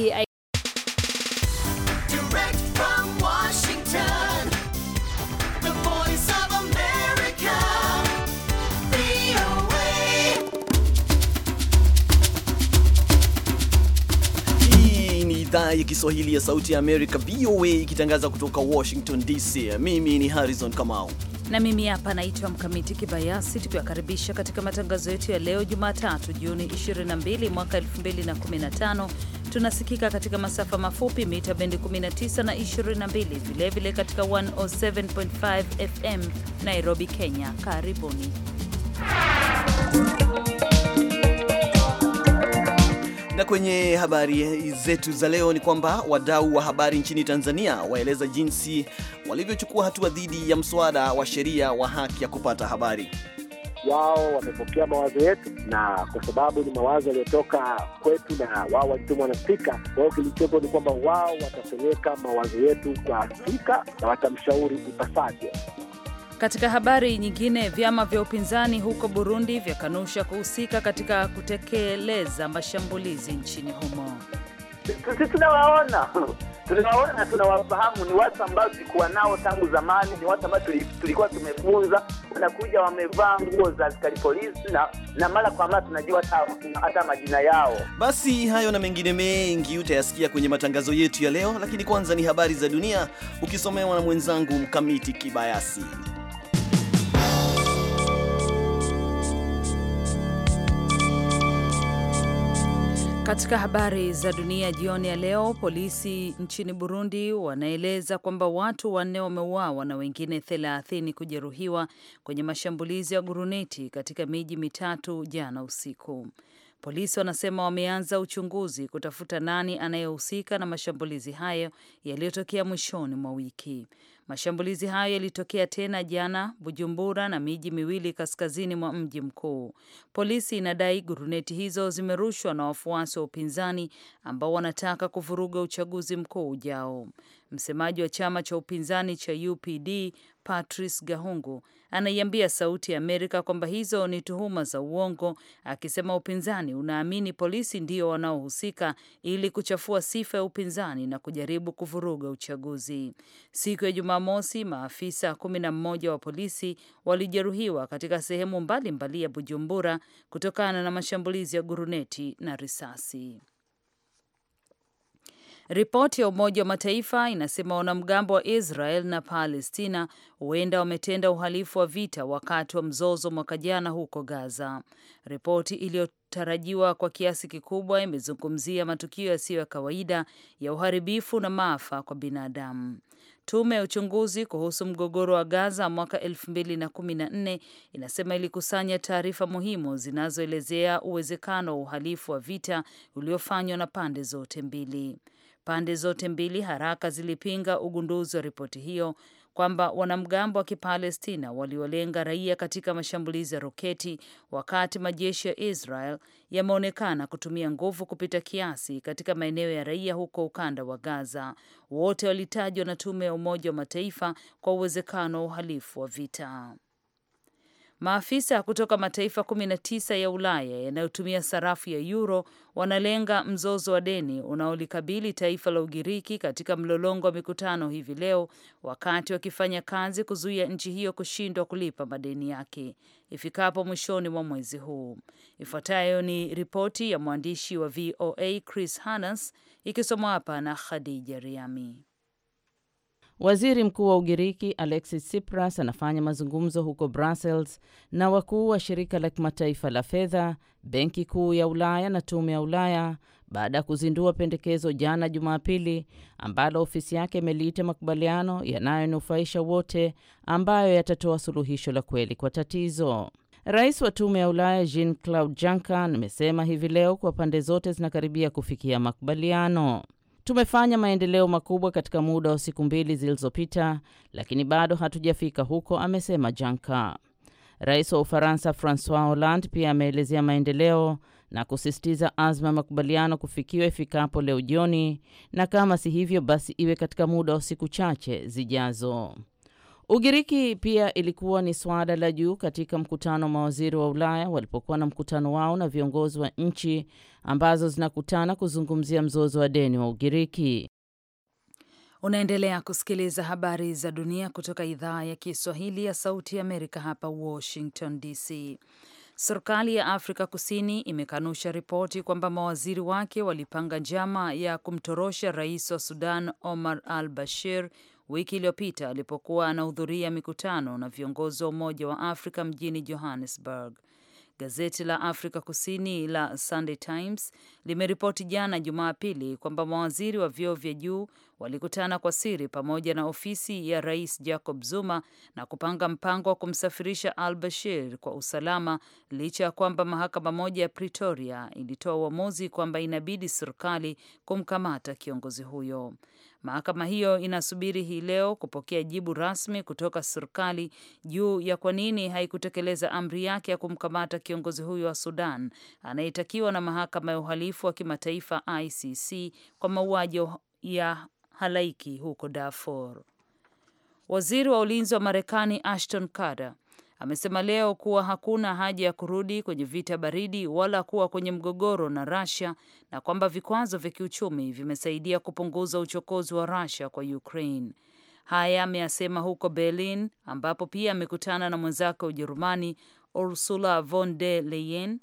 I Direct from Washington, the voice of America, Hii ni idhaa ya Kiswahili ya Sauti ya Amerika, VOA, ikitangaza kutoka Washington DC. Mimi ni Harrison Kamau na mimi hapa naitwa Mkamiti Kibayasi, tukiwakaribisha katika matangazo yetu ya leo Jumatatu, Juni 22 mwaka 2015 Tunasikika katika masafa mafupi mita bendi 19 na 22, vilevile katika 107.5 FM Nairobi, Kenya. Karibuni. Na kwenye habari zetu za leo ni kwamba wadau wa habari nchini Tanzania waeleza jinsi walivyochukua hatua dhidi ya mswada wa sheria wa haki ya kupata habari wao wamepokea mawazo yetu, na kwa sababu ni mawazo yaliyotoka kwetu na wao walitumwa na Spika, kwa hiyo kilichopo ni kwamba wao watapeleka mawazo yetu kwa Spika na watamshauri ipasavyo. Katika habari nyingine, vyama vya upinzani huko Burundi vyakanusha kuhusika katika kutekeleza mashambulizi nchini humo sisi tunawaona tunawaona na tunawafahamu. Ni watu ambao tulikuwa nao tangu zamani, ni watu ambao tulikuwa tumefunza. Wanakuja wamevaa nguo za askari polisi na, na mara kwa mara tunajua hata majina yao. Basi hayo na mengine mengi utayasikia kwenye matangazo yetu ya leo, lakini kwanza ni habari za dunia ukisomewa na mwenzangu Mkamiti Kibayasi. Katika habari za dunia jioni ya leo, polisi nchini Burundi wanaeleza kwamba watu wanne wameuawa na wengine thelathini kujeruhiwa kwenye mashambulizi ya guruneti katika miji mitatu jana usiku. Polisi wanasema wameanza uchunguzi kutafuta nani anayehusika na mashambulizi hayo yaliyotokea mwishoni mwa wiki. Mashambulizi hayo yalitokea tena jana Bujumbura na miji miwili kaskazini mwa mji mkuu. Polisi inadai guruneti hizo zimerushwa na wafuasi wa upinzani ambao wanataka kuvuruga uchaguzi mkuu ujao. Msemaji wa chama cha upinzani cha UPD Patrice Gahungu anaiambia Sauti ya Amerika kwamba hizo ni tuhuma za uongo, akisema upinzani unaamini polisi ndio wanaohusika ili kuchafua sifa ya upinzani na kujaribu kuvuruga uchaguzi. Siku ya Jumamosi, maafisa kumi na mmoja wa polisi walijeruhiwa katika sehemu mbalimbali mbali ya Bujumbura kutokana na mashambulizi ya guruneti na risasi. Ripoti ya Umoja wa Mataifa inasema wanamgambo wa Israel na Palestina huenda wametenda uhalifu wa vita wakati wa mzozo mwaka jana huko Gaza. Ripoti iliyotarajiwa kwa kiasi kikubwa imezungumzia matukio yasiyo ya kawaida ya uharibifu na maafa kwa binadamu. Tume ya uchunguzi kuhusu mgogoro wa Gaza mwaka 2014 inasema ilikusanya taarifa muhimu zinazoelezea uwezekano wa uhalifu wa vita uliofanywa na pande zote mbili. Pande zote mbili haraka zilipinga ugunduzi wa ripoti hiyo kwamba wanamgambo wa Kipalestina waliolenga raia katika mashambulizi ya roketi, wakati majeshi ya Israel yameonekana kutumia nguvu kupita kiasi katika maeneo ya raia huko ukanda wa Gaza. Wote walitajwa na tume ya Umoja wa Mataifa kwa uwezekano wa uhalifu wa vita. Maafisa kutoka mataifa 19 ya Ulaya yanayotumia sarafu ya euro wanalenga mzozo wa deni unaolikabili taifa la Ugiriki katika mlolongo wa mikutano hivi leo, wakati wakifanya kazi kuzuia nchi hiyo kushindwa kulipa madeni yake ifikapo mwishoni mwa mwezi huu. Ifuatayo ni ripoti ya mwandishi wa VOA Chris Hannas, ikisomwa hapa na Khadija Riami. Waziri Mkuu wa Ugiriki Alexis Tsipras anafanya mazungumzo huko Brussels na wakuu wa shirika la kimataifa la fedha, benki kuu ya Ulaya na tume ya Ulaya baada ya kuzindua pendekezo jana Jumapili ambalo ofisi yake imeliita makubaliano yanayonufaisha wote ambayo yatatoa suluhisho la kweli kwa tatizo. Rais wa tume ya Ulaya Jean Claude Juncker amesema hivi leo kuwa pande zote zinakaribia kufikia makubaliano. Tumefanya maendeleo makubwa katika muda wa siku mbili zilizopita, lakini bado hatujafika huko, amesema Janka. Rais wa Ufaransa Francois Hollande pia ameelezea maendeleo na kusisitiza azma ya makubaliano kufikiwa ifikapo leo jioni, na kama si hivyo basi iwe katika muda wa siku chache zijazo. Ugiriki pia ilikuwa ni suala la juu katika mkutano wa mawaziri wa Ulaya walipokuwa na mkutano wao na viongozi wa nchi ambazo zinakutana kuzungumzia mzozo wa deni wa Ugiriki. Unaendelea kusikiliza habari za dunia kutoka idhaa ya Kiswahili ya Sauti ya Amerika hapa Washington DC. Serikali ya Afrika Kusini imekanusha ripoti kwamba mawaziri wake walipanga njama ya kumtorosha rais wa Sudan Omar al Bashir wiki iliyopita alipokuwa anahudhuria mikutano na viongozi wa Umoja wa Afrika mjini Johannesburg. Gazeti la Afrika Kusini la Sunday Times limeripoti jana Jumapili kwamba mawaziri wa vyeo vya juu walikutana kwa siri pamoja na ofisi ya rais Jacob Zuma na kupanga mpango wa kumsafirisha al Bashir kwa usalama, licha ya kwamba mahakama moja ya Pretoria ilitoa uamuzi kwamba inabidi serikali kumkamata kiongozi huyo. Mahakama hiyo inasubiri hii leo kupokea jibu rasmi kutoka serikali juu ya kwa nini haikutekeleza amri yake ya kumkamata kiongozi huyo wa Sudan anayetakiwa na mahakama ya uhalifu wa kimataifa ICC kwa mauaji ya halaiki huko Darfur. Waziri wa ulinzi wa Marekani Ashton Carter amesema leo kuwa hakuna haja ya kurudi kwenye vita baridi wala kuwa kwenye mgogoro na Russia na kwamba vikwazo vya kiuchumi vimesaidia kupunguza uchokozi wa Russia kwa Ukraine. Haya ameyasema huko Berlin ambapo pia amekutana na mwenzake wa Ujerumani Ursula von der Leyen.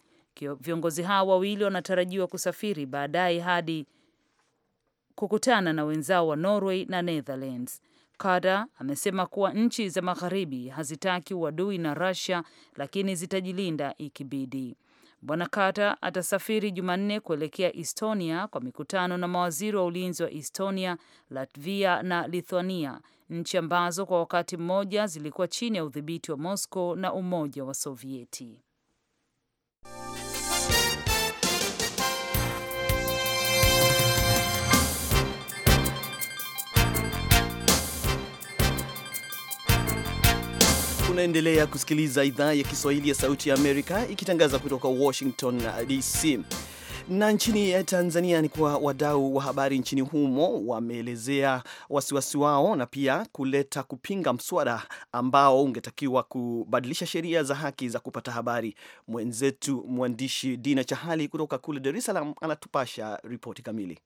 Viongozi hao wawili wanatarajiwa kusafiri baadaye hadi kukutana na wenzao wa Norway na Netherlands. Kada amesema kuwa nchi za magharibi hazitaki uadui na Russia lakini zitajilinda ikibidi. Bwana Kata atasafiri Jumanne kuelekea Estonia kwa mikutano na mawaziri wa ulinzi wa Estonia, Latvia na Lithuania, nchi ambazo kwa wakati mmoja zilikuwa chini ya udhibiti wa Moscow na Umoja wa Sovieti. Unaendelea kusikiliza idhaa ya Kiswahili ya Sauti ya Amerika ikitangaza kutoka Washington uh, DC. Na nchini eh, Tanzania ni kuwa wadau wa habari nchini humo wameelezea wasiwasi wao na pia kuleta kupinga mswada ambao ungetakiwa kubadilisha sheria za haki za kupata habari. Mwenzetu mwandishi Dina Chahali kutoka kule Dar es Salaam anatupasha ripoti kamili.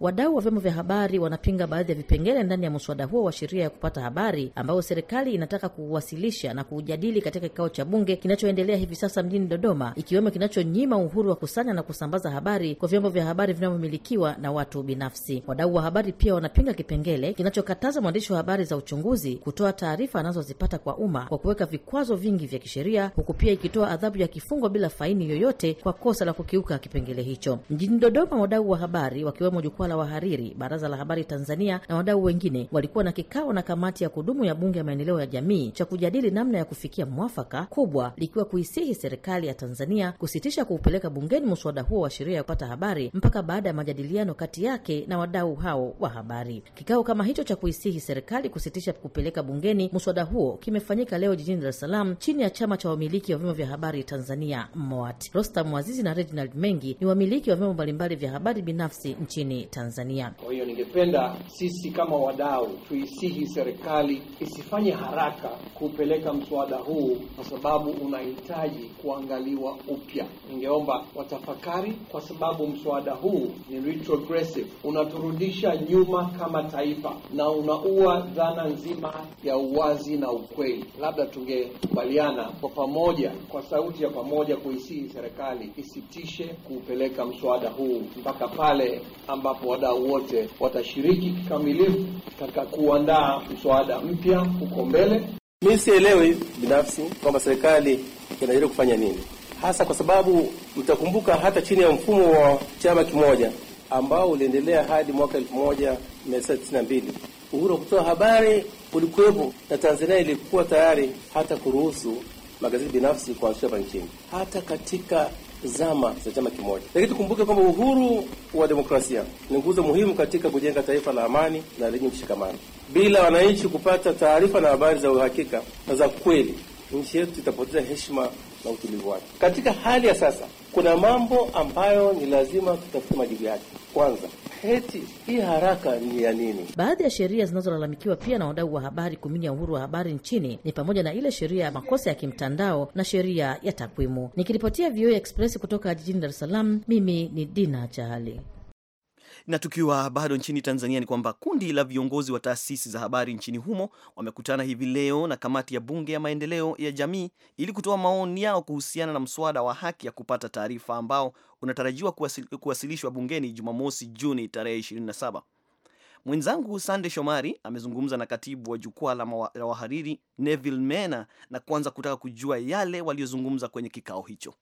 Wadau wa vyombo vya habari wanapinga baadhi ya vipengele ndani ya mswada huo wa sheria ya kupata habari ambayo serikali inataka kuwasilisha na kuujadili katika kikao cha bunge kinachoendelea hivi sasa mjini Dodoma, ikiwemo kinachonyima uhuru wa kusanya na kusambaza habari kwa vyombo vya habari vinavyomilikiwa na watu binafsi. Wadau wa habari pia wanapinga kipengele kinachokataza mwandishi wa habari za uchunguzi kutoa taarifa anazozipata kwa umma kwa kuweka vikwazo vingi vya kisheria, huku pia ikitoa adhabu ya kifungo bila faini yoyote kwa kosa la kukiuka kipengele hicho. Mjini Dodoma, wadau wa habari wakiwemo jukwaa la wahariri, baraza la habari Tanzania na wadau wengine walikuwa na kikao na kamati ya kudumu ya bunge ya maendeleo ya jamii cha kujadili namna ya kufikia mwafaka, kubwa likiwa kuisihi serikali ya Tanzania kusitisha kuupeleka bungeni mswada huo wa sheria ya kupata habari mpaka baada ya majadiliano kati yake na wadau hao wa habari. Kikao kama hicho cha kuisihi serikali kusitisha kupeleka bungeni mswada huo kimefanyika leo jijini Dar es Salaam chini ya chama cha wamiliki wa vyombo vya habari Tanzania MOAT. Rostam Mwazizi na Reginald Mengi ni wamiliki wa vyombo mbalimbali vya habari binafsi nchini Tanzania. Tanzania. Kwa hiyo ningependa sisi kama wadau tuisihi serikali isifanye haraka kupeleka mswada huu, kwa sababu unahitaji kuangaliwa upya. Ningeomba watafakari, kwa sababu mswada huu ni retrogressive, unaturudisha nyuma kama taifa na unaua dhana nzima ya uwazi na ukweli. Labda tungekubaliana kwa pamoja, kwa sauti ya pamoja, kuisihi serikali isitishe kuupeleka mswada huu mpaka pale ambapo wadau wote watashiriki kikamilifu katika kuandaa mswada mpya huko mbele. Mi sielewi binafsi kwamba serikali inajaribu kufanya nini hasa, kwa sababu mtakumbuka hata chini ya mfumo wa chama kimoja ambao uliendelea hadi mwaka mbili uhuru wa kutoa habari ulikuwepo, na Tanzania ilikuwa tayari hata kuruhusu magazeti binafsi kuanzishwa hapa nchini. Hata katika zama za chama kimoja. Lakini tukumbuke kwamba uhuru wa demokrasia ni nguzo muhimu katika kujenga taifa la amani na lenye mshikamano. Bila wananchi kupata taarifa na habari za uhakika na za kweli, nchi yetu itapoteza heshima na utulivu wake. Katika hali ya sasa kuna mambo ambayo ni lazima tutafute majibu yake. Kwanza, heti hii haraka ni ya nini? Baadhi ya sheria zinazolalamikiwa pia na wadau wa habari kuminya uhuru wa habari nchini ni pamoja na ile sheria ya makosa ya kimtandao na sheria ya takwimu. Nikiripotia VOA Express kutoka jijini Dar es Salaam, mimi ni Dina Chahali. Na tukiwa bado nchini Tanzania, ni kwamba kundi la viongozi wa taasisi za habari nchini humo wamekutana hivi leo na kamati ya bunge ya maendeleo ya jamii ili kutoa maoni yao kuhusiana na mswada wa haki ya kupata taarifa ambao unatarajiwa kuwasilishwa bungeni Jumamosi, Juni tarehe 27. Mwenzangu Sande Shomari amezungumza na katibu wa jukwaa la wahariri Neville Mena na kwanza kutaka kujua yale waliozungumza kwenye kikao hicho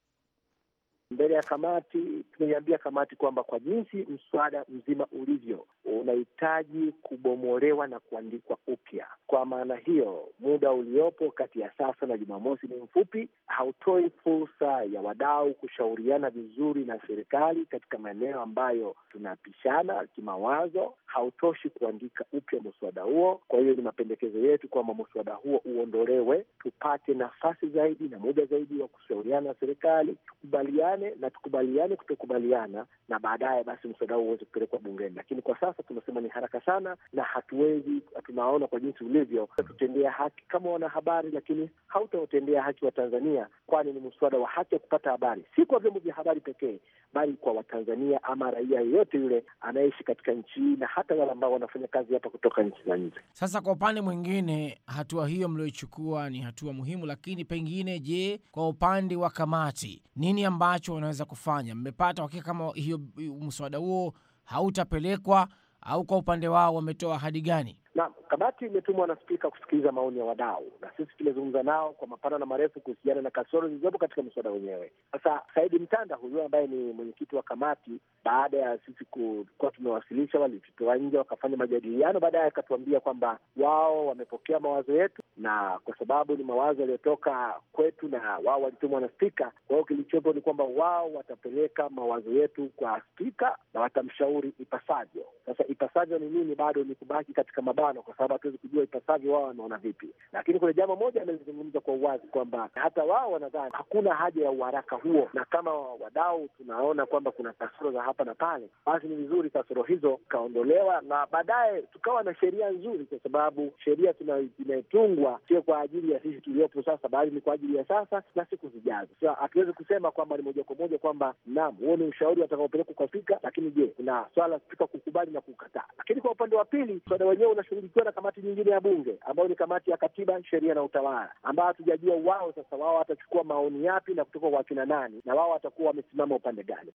mbele ya kamati. Tumeiambia kamati kwamba kwa jinsi mswada mzima ulivyo unahitaji kubomolewa na kuandikwa upya. Kwa maana hiyo, muda uliopo kati ya sasa na Jumamosi ni mfupi, hautoi fursa ya wadau kushauriana vizuri na serikali katika maeneo ambayo tunapishana kimawazo, hautoshi kuandika upya mswada huo. Kwa hiyo ni mapendekezo yetu kwamba mswada huo uondolewe, tupate nafasi zaidi na muda zaidi wa kushauriana na serikali, tukubaliane tukubaliane na tukubaliane kutokubaliana, na baadaye basi mswada huo uweze kupelekwa bungeni. Lakini kwa sasa tunasema ni haraka sana na hatuwezi, tunaona kwa jinsi ulivyo tutendea haki kama wanahabari, lakini hautawatendea haki wa Tanzania, kwani ni mswada wa haki ya kupata habari, si kwa vyombo vya habari pekee, bali kwa Watanzania ama raia yeyote yule anayeishi katika nchi hii na hata wale ambao wanafanya kazi hapa kutoka nchi za nje. Sasa kwa upande mwingine, hatua hiyo mlioichukua ni hatua muhimu, lakini pengine, je, kwa upande wa kamati nini ambacho ambacho wanaweza kufanya? Mmepata wakika kama hiyo mswada huo hautapelekwa au kwa upande wao wametoa ahadi gani? na kamati imetumwa na spika kusikiliza maoni ya wadau, na sisi tumezungumza nao kwa mapana na marefu kuhusiana na kasoro zilizopo katika mswada wenyewe. Sasa Saidi Mtanda huyu ambaye ni mwenyekiti wa kamati, baada ya sisi kuwa tumewasilisha, walitutoa nje wakafanya majadiliano, baadaye akatuambia kwamba wao wamepokea mawazo yetu, na kwa sababu ni mawazo yaliyotoka kwetu na wao walitumwa na spika, kwa hiyo kilichopo ni kwamba wao watapeleka mawazo yetu kwa spika na watamshauri ipasavyo. Sasa ipasavyo ni nini? Bado ni kubaki katika mabao mfano, kwa sababu hatuwezi kujua ipasavyo wao wanaona vipi. Lakini kuna jambo moja amezungumza kwa uwazi kwamba hata wao wanadhani hakuna haja ya uharaka huo, na kama wadau tunaona kwamba kuna kasoro za hapa na pale, basi ni vizuri kasoro hizo zikaondolewa na baadaye tukawa na sheria nzuri, kwa sababu sheria inayotungwa sio kwa ajili ya sisi tuliopo sasa, bali ni kwa ajili ya sasa na siku zijazo. So, hatuwezi kusema kwamba ni moja kwa moja kwamba naam, huo ni ushauri watakaopelekwa kwa Spika, lakini je, kuna swala Spika kukubali na kukataa. Lakini kwa upande wa pili, mswada wenyewe una tunashughulikiwa na kamati nyingine ya bunge ambayo ni kamati ya katiba, sheria na utawala, ambayo hatujajua wao sasa, wao watachukua maoni yapi na kutoka kwa kina nani, na wao watakuwa wamesimama upande gani.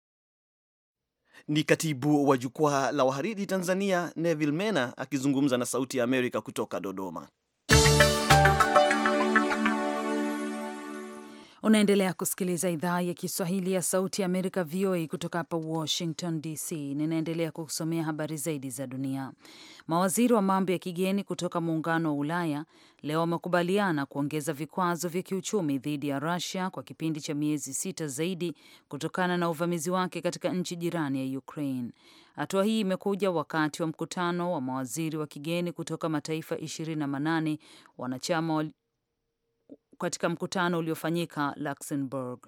Ni katibu wa jukwaa la wahariri Tanzania, Neville Mena akizungumza na Sauti ya Amerika kutoka Dodoma. Unaendelea kusikiliza idhaa ya Kiswahili ya Sauti ya Amerika, VOA, kutoka hapa Washington DC. Ninaendelea kukusomea habari zaidi za dunia. Mawaziri wa mambo ya kigeni kutoka Muungano wa Ulaya leo wamekubaliana kuongeza vikwazo vya kiuchumi dhidi ya Rusia kwa kipindi cha miezi sita zaidi kutokana na uvamizi wake katika nchi jirani ya Ukraine. Hatua hii imekuja wakati wa mkutano wa mawaziri wa kigeni kutoka mataifa 28 wanachama katika mkutano uliofanyika Luxembourg.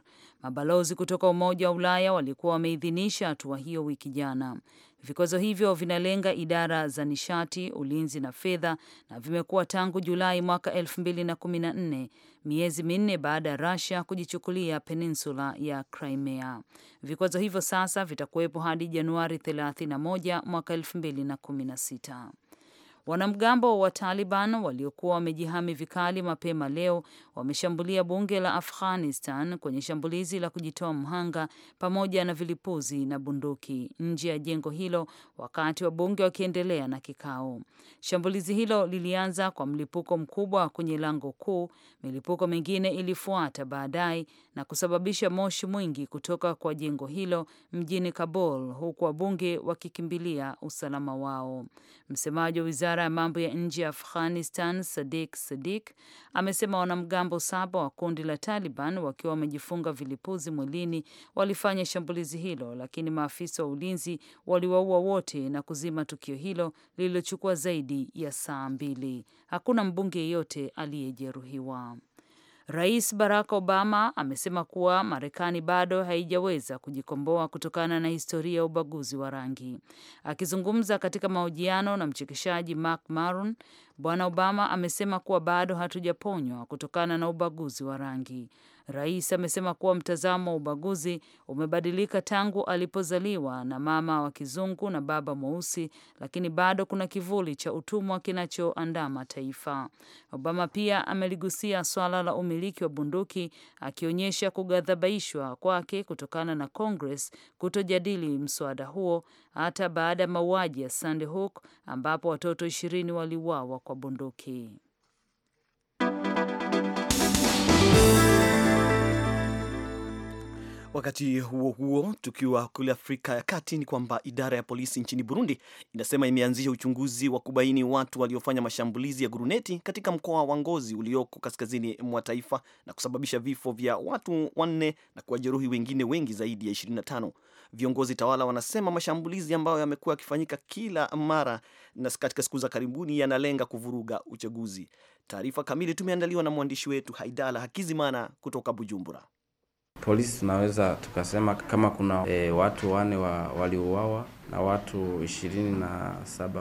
Mabalozi kutoka Umoja wa Ulaya walikuwa wameidhinisha hatua hiyo wiki jana. Vikwazo hivyo vinalenga idara za nishati, ulinzi na fedha na vimekuwa tangu Julai mwaka 2014, miezi minne baada ya Russia kujichukulia peninsula ya Crimea. Vikwazo hivyo sasa vitakuwepo hadi Januari 31 mwaka 2016. Wanamgambo wa Taliban waliokuwa wamejihami vikali mapema leo wameshambulia bunge la Afghanistan kwenye shambulizi la kujitoa mhanga pamoja na vilipuzi na bunduki nje ya jengo hilo wakati wabunge wakiendelea na kikao. Shambulizi hilo lilianza kwa mlipuko mkubwa kwenye lango kuu. Milipuko mingine ilifuata baadaye na kusababisha moshi mwingi kutoka kwa jengo hilo mjini Kabul, huku wabunge wakikimbilia usalama wao. Msemaji wa Wizara ya mambo ya nje ya Afghanistan, Sadik Sadik, amesema wanamgambo saba wa kundi la Taliban wakiwa wamejifunga vilipuzi mwilini walifanya shambulizi hilo, lakini maafisa wa ulinzi waliwaua wote na kuzima tukio hilo lililochukua zaidi ya saa mbili. Hakuna mbunge yeyote aliyejeruhiwa. Rais Barack Obama amesema kuwa Marekani bado haijaweza kujikomboa kutokana na historia ya ubaguzi wa rangi. Akizungumza katika mahojiano na mchekeshaji Mark Maron, Bwana Obama amesema kuwa bado hatujaponywa kutokana na ubaguzi wa rangi. Rais amesema kuwa mtazamo wa ubaguzi umebadilika tangu alipozaliwa na mama wa kizungu na baba mweusi, lakini bado kuna kivuli cha utumwa kinachoandama taifa. Obama pia ameligusia swala la umiliki wa bunduki, akionyesha kughadhabishwa kwake kutokana na Congress kutojadili mswada huo hata baada ya mauaji ya Sandy Hook ambapo watoto ishirini waliuawa kwa bunduki. Wakati huo huo, tukiwa kule Afrika ya Kati, ni kwamba idara ya polisi nchini Burundi inasema imeanzisha uchunguzi wa kubaini watu waliofanya mashambulizi ya guruneti katika mkoa wa Ngozi ulioko kaskazini mwa taifa na kusababisha vifo vya watu wanne na kuwajeruhi wengine wengi zaidi ya 25. Viongozi tawala wanasema mashambulizi ambayo yamekuwa yakifanyika kila mara na katika siku za karibuni yanalenga kuvuruga uchaguzi. Taarifa kamili tumeandaliwa na mwandishi wetu Haidala Hakizimana kutoka Bujumbura. Polisi tunaweza tukasema kama kuna e, watu wane wa, waliuawa na watu 27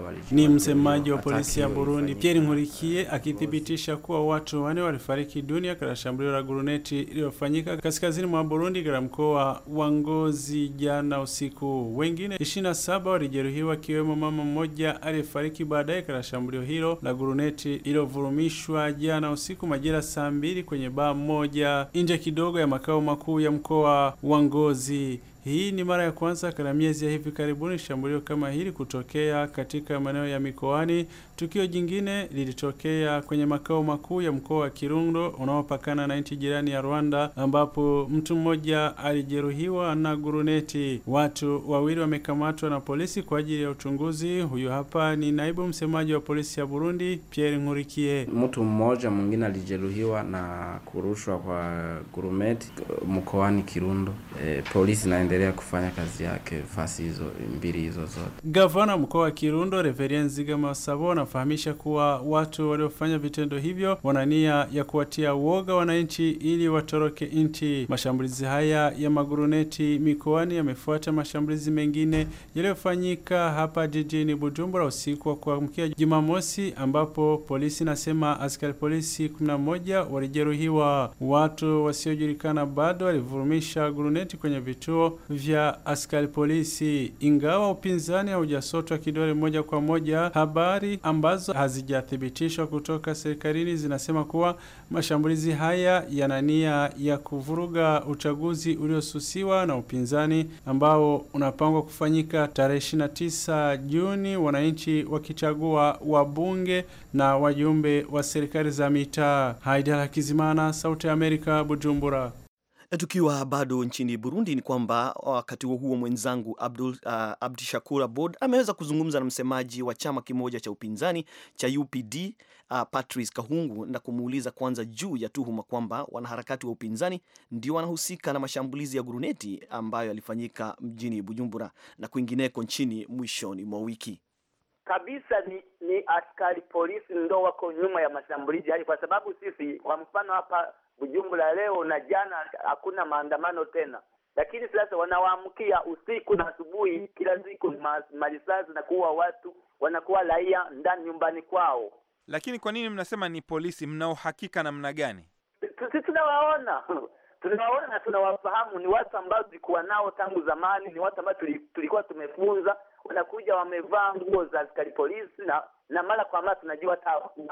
walijiwa. Ni msemaji wa polisi ya Burundi Pierre Nkurikiye akithibitisha kuwa watu wanne walifariki dunia katika shambulio la guruneti iliyofanyika kaskazini mwa Burundi katika mkoa wa Ngozi jana usiku. Wengine 27 walijeruhiwa akiwemo mama mmoja aliyefariki baadaye katika shambulio hilo la guruneti iliyovurumishwa jana usiku majira saa mbili kwenye baa moja nje kidogo ya makao makuu ya mkoa wa Ngozi. Hii ni mara ya kwanza katika miezi ya hivi karibuni shambulio kama hili kutokea katika maeneo ya mikoani Tukio jingine lilitokea kwenye makao makuu ya mkoa wa Kirundo unaopakana na nchi jirani ya Rwanda, ambapo mtu mmoja alijeruhiwa na guruneti. Watu wawili wamekamatwa na polisi kwa ajili ya uchunguzi. Huyu hapa ni naibu msemaji wa polisi ya Burundi, Pierre Nkurikiye. Mtu mmoja mwingine alijeruhiwa na kurushwa kwa guruneti mkoani Kirundo. E, polisi inaendelea kufanya kazi yake fasi hizo mbili hizo zote. Gavana mkoa wa Kirundo Reverien Zigama Sabona wanafahamisha kuwa watu waliofanya vitendo hivyo wana nia ya kuwatia uoga wananchi ili watoroke nchi. Mashambulizi haya ya maguruneti mikoani yamefuata mashambulizi mengine yaliyofanyika hapa jijini Bujumbura usiku wa kuamkia Jumamosi, ambapo polisi inasema askari polisi 11 walijeruhiwa. Watu wasiojulikana bado walivurumisha guruneti kwenye vituo vya askari polisi, ingawa upinzani haujasotwa kidole moja kwa moja habari ambazo hazijathibitishwa kutoka serikalini zinasema kuwa mashambulizi haya yana nia ya kuvuruga uchaguzi uliosusiwa na upinzani ambao unapangwa kufanyika tarehe 29 Juni, wananchi wakichagua wabunge na wajumbe wa serikali za mitaa. Haidara Kizimana, Sauti ya Amerika, Bujumbura. Tukiwa bado nchini Burundi, ni kwamba wakati huo huo mwenzangu Abdul, uh, Abdi Shakur Abod ameweza kuzungumza na msemaji wa chama kimoja cha upinzani cha UPD uh, Patrice Kahungu na kumuuliza kwanza juu ya tuhuma kwamba wanaharakati wa upinzani ndio wanahusika na mashambulizi ya guruneti ambayo yalifanyika mjini Bujumbura na kwingineko nchini mwishoni mwa wiki. Kabisa ni, ni askari polisi ndo wako nyuma ya mashambulizi hayo, kwa sababu sisi kwa mfano hapa Bujumbura leo na jana hakuna maandamano tena, lakini sasa wanawaamkia usiku na asubuhi, kila siku marisasi na kuua watu, wanakuwa raia ndani nyumbani kwao. Lakini kwa nini mnasema ni polisi? Mna uhakika namna gani? Sisi tunawaona tunawaona na tunawafahamu. Ni watu ambao tulikuwa nao tangu zamani, ni watu ambao tulikuwa tumefunza. Wanakuja wamevaa nguo za askari polisi, na na mara kwa mara tunajua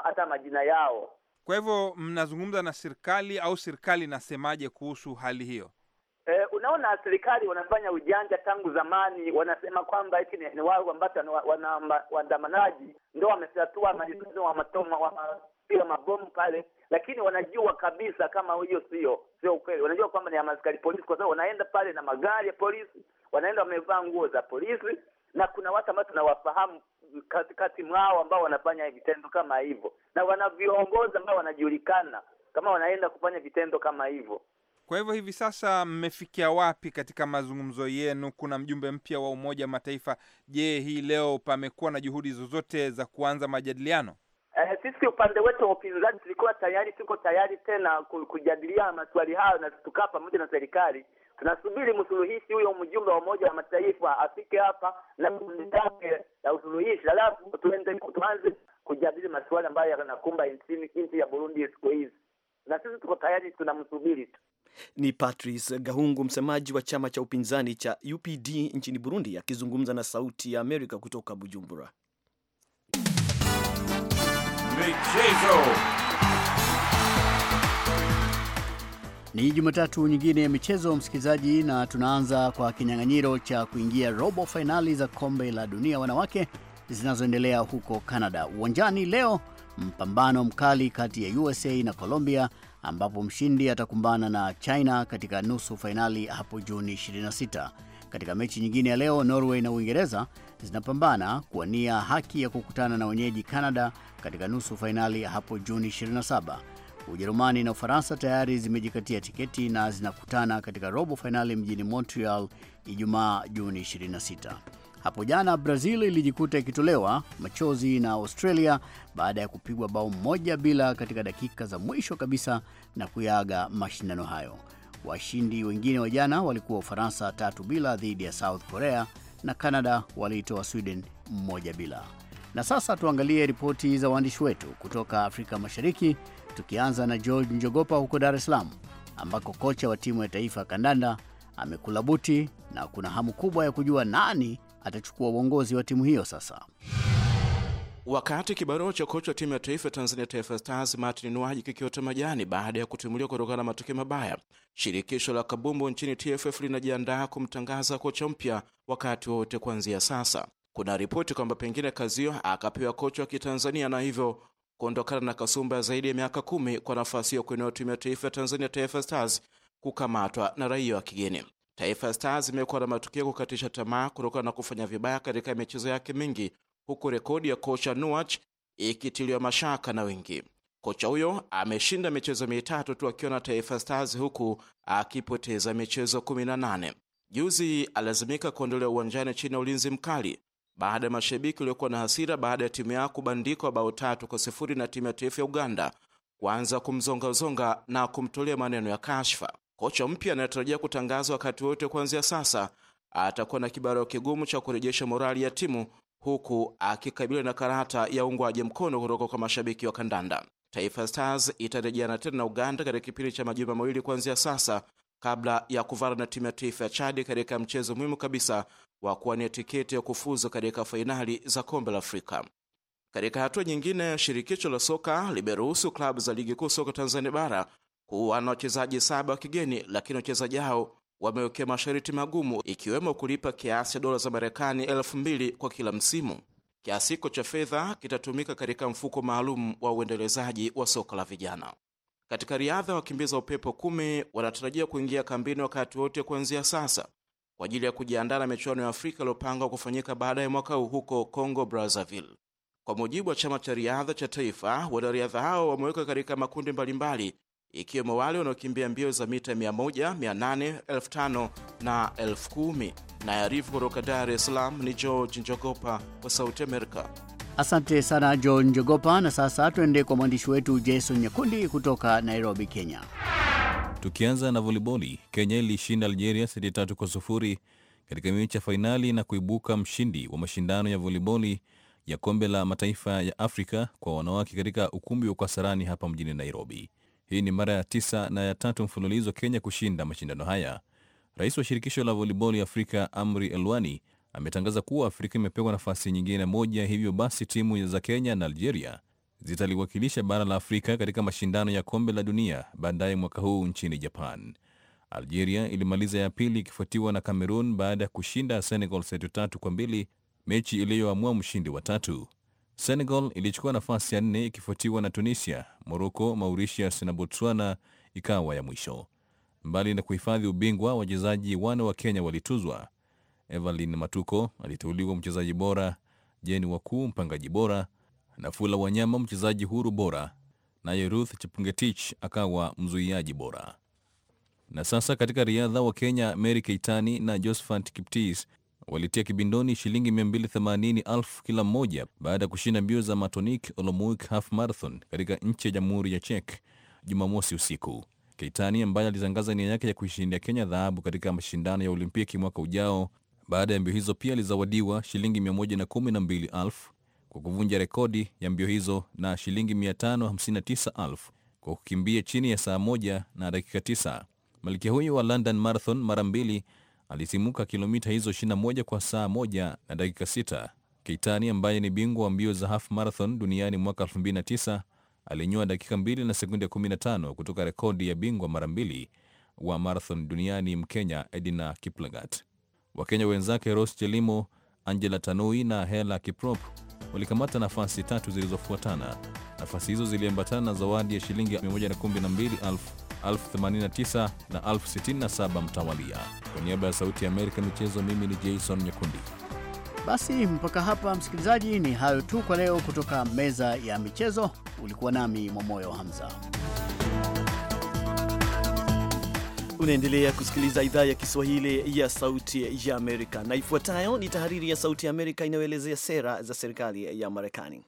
hata majina yao. Kwa hivyo mnazungumza na serikali au serikali inasemaje kuhusu hali hiyo? E, unaona serikali wanafanya ujanja tangu zamani. Wanasema kwamba hiki ni wao ambao waandamanaji ndio wametatua matatizo wa matoma wa pia mabomu pale, lakini wanajua kabisa kama hiyo sio sio ukweli. Wanajua kwamba ni askari polisi, kwa sababu wanaenda pale na magari ya polisi, wanaenda wamevaa nguo za polisi, na kuna watu ambao tunawafahamu katikati mwao ambao wanafanya vitendo kama hivyo na wana viongozi ambao wanajulikana kama wanaenda kufanya vitendo kama hivyo. Kwa hivyo hivi sasa mmefikia wapi katika mazungumzo yenu? Kuna mjumbe mpya wa Umoja Mataifa. Je, hii leo pamekuwa na juhudi zozote za kuanza majadiliano? Eh, sisi upande wetu wa upinzani tulikuwa tayari, tuko tayari tena kujadilia maswali hayo, na tukaa pamoja na serikali. Tunasubiri msuluhishi huyo, mjumbe wa Umoja wa Mataifa afike hapa na kundi yake ya usuluhishi, halafu tuende tuanze kujadili maswali ambayo yanakumba nchi ya Burundi siku hizi, na sisi tuko tayari, tunamsubiri tu. Ni Patrice Gahungu, msemaji wa chama cha upinzani cha UPD nchini Burundi, akizungumza na Sauti ya Amerika kutoka Bujumbura michezo. Ni Jumatatu nyingine ya michezo, msikilizaji, na tunaanza kwa kinyang'anyiro cha kuingia robo fainali za kombe la dunia wanawake zinazoendelea huko Canada. Uwanjani leo mpambano mkali kati ya USA na Colombia ambapo mshindi atakumbana na China katika nusu fainali hapo Juni 26. Katika mechi nyingine ya leo, Norway na Uingereza zinapambana kuwania haki ya kukutana na wenyeji Canada katika nusu fainali hapo Juni 27. Ujerumani na Ufaransa tayari zimejikatia tiketi na zinakutana katika robo fainali mjini Montreal Ijumaa Juni 26. Hapo jana Brazil ilijikuta ikitolewa machozi na Australia baada ya kupigwa bao moja bila katika dakika za mwisho kabisa na kuyaga mashindano hayo. Washindi wengine wa jana walikuwa Ufaransa tatu bila dhidi ya South Korea na Canada waliitoa Sweden mmoja bila. Na sasa tuangalie ripoti za waandishi wetu kutoka Afrika Mashariki, tukianza na George Njogopa huko Dar es Salaam, ambako kocha wa timu ya taifa ya kandanda amekula buti na kuna hamu kubwa ya kujua nani atachukua uongozi wa timu hiyo sasa. Wakati kibarua cha kocha wa timu ya taifa Tanzania Taifa Stars Martin Nuaji kikiota majani baada ya kutimuliwa kutokana na matokeo mabaya, shirikisho la kabumbu nchini TFF linajiandaa kumtangaza kocha mpya wakati wote kuanzia sasa. Kuna ripoti kwamba pengine Kazio akapewa kocha wa Kitanzania na hivyo kuondokana na kasumba ya zaidi ya miaka kumi kwa nafasi ya kuinua timu ya taifa Tanzania Taifa Stars kukamatwa na raia wa kigeni. Taifa Stars imekuwa na matukio kukatisha tamaa kutokana na kufanya vibaya katika michezo yake mingi huku rekodi ya kocha Nuach ikitiliwa mashaka na wengi. Kocha huyo ameshinda michezo mitatu tu akiwa na Taifa Stars huku akipoteza michezo 18. Juzi alazimika kuondolewa uwanjani chini ya ulinzi mkali baada ya mashabiki waliokuwa na hasira baada ya timu yao kubandikwa bao tatu kwa sifuri na timu ya taifa ya Uganda kuanza kumzongazonga na kumtolea maneno ya kashfa. Kocha mpya anayetarajia kutangazwa wakati wote kuanzia sasa atakuwa na kibarao kigumu cha kurejesha morali ya timu huku akikabiliwa na karata ya uungwaji mkono kutoka kwa mashabiki wa kandanda. Taifa Stars itarejeana tena na Uganda katika kipindi cha majuma mawili kuanzia sasa, kabla ya kuvana na timu ya taifa ya Chadi katika mchezo muhimu kabisa wa kuwania tiketi ya kufuzu katika fainali za kombe la Afrika. Katika hatua nyingine, shirikisho la soka limeruhusu klabu za ligi kuu soka Tanzania bara kuwa na wachezaji saba wa kigeni, lakini wachezaji hao wamewekea masharti magumu ikiwemo kulipa kiasi dola za Marekani elfu kwa kila msimu. Kiasi hicho cha fedha kitatumika katika mfuko maalum wa uendelezaji wa soka la vijana. Katika riadha, wakimbiza upepo kumi wanatarajia kuingia kambini wakati wote kuanzia sasa kwa ajili ya kujiandaa na michuano ya Afrika iliyopangwa kufanyika baadaye mwaka huu huko Congo Brazzaville. Kwa mujibu wa chama cha riadha cha taifa, wanariadha hao wameweka katika makundi mbalimbali ikiwemo wale wanaokimbia mbio za mita 100, 800, na 10000. Nayarifu kutoka Dar es Salaam ni George Njogopa kwa Sauti Amerika. Asante sana george Njogopa. Na sasa tuende kwa mwandishi wetu Jason Nyakundi kutoka Nairobi, Kenya. Tukianza na voliboli, Kenya ilishinda Algeria tatu kwa sufuri katika mechi ya fainali na kuibuka mshindi wa mashindano ya voliboli ya kombe la mataifa ya Afrika kwa wanawake katika ukumbi wa Kasarani hapa mjini Nairobi. Hii ni mara ya tisa na ya tatu mfululizo Kenya kushinda mashindano haya. Rais wa shirikisho la voliboli Afrika Amri Elwani ametangaza kuwa Afrika imepewa nafasi nyingine moja, hivyo basi timu za Kenya na Algeria zitaliwakilisha bara la Afrika katika mashindano ya kombe la dunia baadaye mwaka huu nchini Japan. Algeria ilimaliza ya pili ikifuatiwa na Cameroon baada ya kushinda Senegal seti tatu kwa mbili, mechi iliyoamua mshindi wa tatu. Senegal ilichukua nafasi ya nne ikifuatiwa na Tunisia, Moroko, Mauritius na Botswana ikawa ya mwisho. Mbali na kuhifadhi ubingwa, wachezaji wane wa Kenya walituzwa. evelin Matuko aliteuliwa mchezaji bora, Jeni Wakuu mpangaji bora, Nafula Wanyama mchezaji huru bora, naye Ruth chepungetich akawa mzuiaji bora. Na sasa katika riadha wa Kenya Mary Keitani na josephant Kiptis walitia kibindoni shilingi 280,000 kila mmoja baada ya kushinda mbio za Matonik Olomouc Half Marathon katika nchi ya Jamhuri ya Czech Jumamosi usiku. Keitani ambaye alitangaza nia yake ya kuishindia Kenya dhahabu katika mashindano ya Olimpiki mwaka ujao baada ya mbio hizo pia alizawadiwa shilingi 112,000 kwa kuvunja rekodi ya mbio hizo na shilingi 559,000 kwa kukimbia chini ya saa moja na dakika 9. Malkia huyo wa London Marathon mara mbili alitimuka kilomita hizo 21 kwa saa moja na dakika 6. Keitani ambaye ni bingwa wa mbio za half marathon duniani mwaka 2009 alinyoa dakika 2 na sekunde 15 kutoka rekodi ya bingwa mara mbili wa marathon duniani Mkenya Edina Kiplagat. Wakenya wenzake Ross Chelimo, Angela Tanui na Hela Kiprop walikamata nafasi tatu zilizofuatana. Nafasi hizo ziliambatana na zawadi ya shilingi 112,000 1089 na 1067 mtawalia. Kwa niaba ya Sauti ya Amerika michezo, mimi ni Jason Nyakundi. Basi mpaka hapa msikilizaji, ni hayo tu kwa leo kutoka meza ya michezo. Ulikuwa nami Mwamoyo Hamza. Unaendelea kusikiliza idhaa ya Kiswahili ya Sauti ya Amerika, na ifuatayo ni tahariri ya Sauti ya Amerika inayoelezea sera za serikali ya Marekani.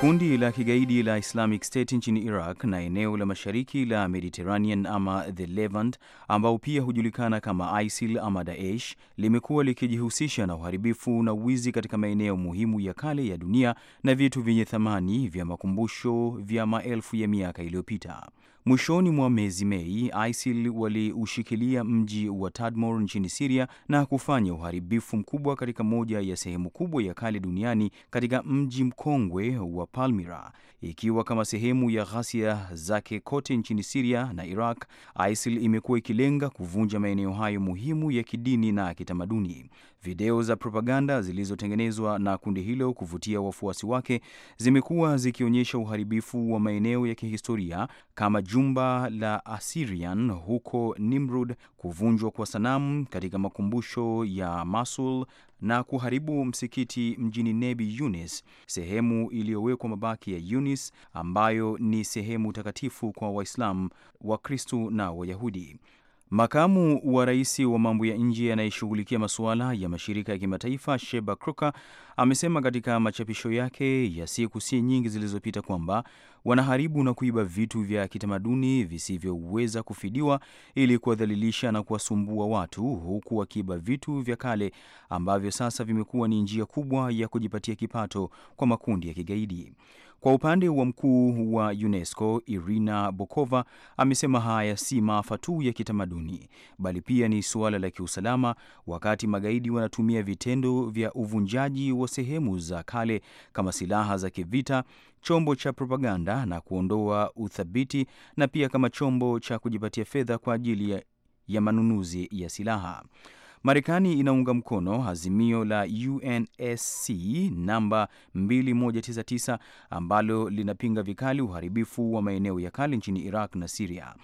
Kundi la kigaidi la Islamic State nchini Iraq na eneo la mashariki la Mediterranean ama the Levant, ambao pia hujulikana kama ISIL ama Daesh, limekuwa likijihusisha na uharibifu na wizi katika maeneo muhimu ya kale ya dunia na vitu vyenye thamani vya makumbusho vya maelfu ya miaka iliyopita. Mwishoni mwa mwezi Mei, ISIL waliushikilia mji wa Tadmor nchini Siria na kufanya uharibifu mkubwa katika moja ya sehemu kubwa ya kale duniani katika mji mkongwe wa Palmira, ikiwa kama sehemu ya ghasia zake kote nchini Siria na Iraq. ISIL imekuwa ikilenga kuvunja maeneo hayo muhimu ya kidini na kitamaduni. Video za propaganda zilizotengenezwa na kundi hilo kuvutia wafuasi wake zimekuwa zikionyesha uharibifu wa maeneo ya kihistoria kama jumba la Assyrian huko Nimrud, kuvunjwa kwa sanamu katika makumbusho ya masul na kuharibu msikiti mjini Nebi Yunis, sehemu iliyowekwa mabaki ya Yunis ambayo ni sehemu takatifu kwa Waislamu, Wakristu na Wayahudi. Makamu wa rais wa mambo ya nje anayeshughulikia masuala ya mashirika ya kimataifa Sheba Kruka amesema katika machapisho yake ya siku si nyingi zilizopita kwamba wanaharibu na kuiba vitu vya kitamaduni visivyoweza kufidiwa ili kuwadhalilisha na kuwasumbua watu, huku wakiiba vitu vya kale ambavyo sasa vimekuwa ni njia kubwa ya kujipatia kipato kwa makundi ya kigaidi. Kwa upande wa mkuu wa UNESCO Irina Bokova amesema haya si maafa tu ya kitamaduni, bali pia ni suala la kiusalama, wakati magaidi wanatumia vitendo vya uvunjaji wa sehemu za kale kama silaha za kivita chombo cha propaganda na kuondoa uthabiti na pia kama chombo cha kujipatia fedha kwa ajili ya, ya manunuzi ya silaha. Marekani inaunga mkono azimio la UNSC namba 2199 ambalo linapinga vikali uharibifu wa maeneo ya kale nchini Iraq na Siria.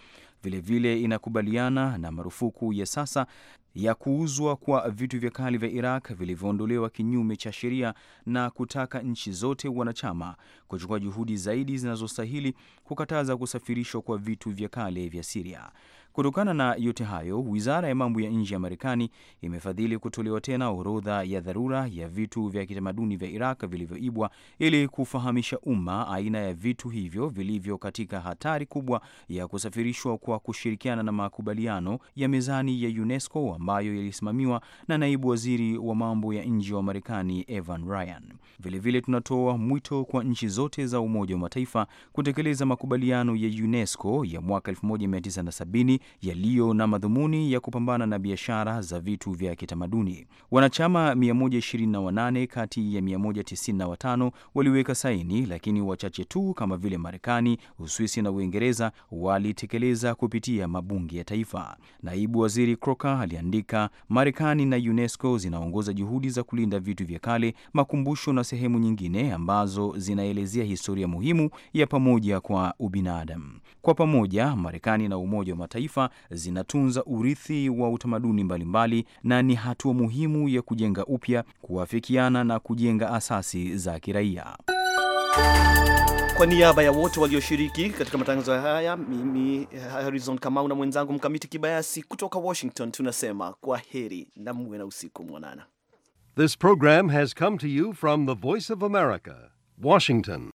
Vilevile vile inakubaliana na marufuku ya sasa ya kuuzwa kwa vitu vya kali vya Iraq vilivyoondolewa kinyume cha sheria na kutaka nchi zote wanachama kuchukua juhudi zaidi zinazostahili kukataza kusafirishwa kwa vitu vya kale vya Siria. Kutokana na yote hayo, wizara ya mambo ya nje ya Marekani imefadhili kutolewa tena orodha ya dharura ya vitu vya kitamaduni vya Iraq vilivyoibwa ili kufahamisha umma aina ya vitu hivyo vilivyo katika hatari kubwa ya kusafirishwa kwa kushirikiana na makubaliano ya mezani ya UNESCO ambayo yalisimamiwa na naibu waziri wa mambo ya nje wa Marekani Evan Ryan. Vilevile vile tunatoa mwito kwa nchi zote za Umoja wa Mataifa kutekeleza makubaliano ya UNESCO ya mwaka 1970 yaliyo na madhumuni ya kupambana na biashara za vitu vya kitamaduni. Wanachama 128 kati ya 195 waliweka saini, lakini wachache tu kama vile Marekani, Uswisi na Uingereza walitekeleza kupitia mabunge ya taifa. Naibu waziri Crocker aliandika ameandika, Marekani na UNESCO zinaongoza juhudi za kulinda vitu vya kale, makumbusho na sehemu nyingine ambazo zinaelezea historia muhimu ya pamoja kwa ubinadamu. Kwa pamoja, Marekani na Umoja wa Mataifa zinatunza urithi wa utamaduni mbalimbali, na ni hatua muhimu ya kujenga upya, kuafikiana na kujenga asasi za kiraia. Kwa niaba ya wote walioshiriki katika matangazo haya, mimi Harrison Kamau na mwenzangu Mkamiti Kibayasi kutoka Washington tunasema kwa heri na muwe na usiku mwanana. This program has come to you from the Voice of America, Washington.